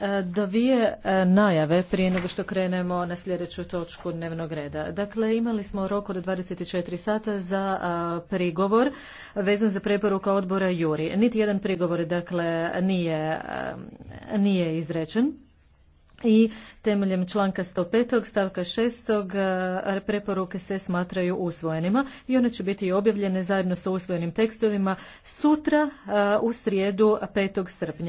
E, Dvije e, najave prije nego što krenemo na sljedeću točku dnevnog reda. Dakle, imali smo rok od 24 sata za e, prigovor vezan za preporuka odbora Juri. Niti jedan prigovor, dakle, nije, nije izrečen. I temeljem članka 105. stavka 6. preporuke se smatraju usvojenima i one će biti objavljene zajedno sa usvojenim tekstovima sutra u srijedu 5. srpnja.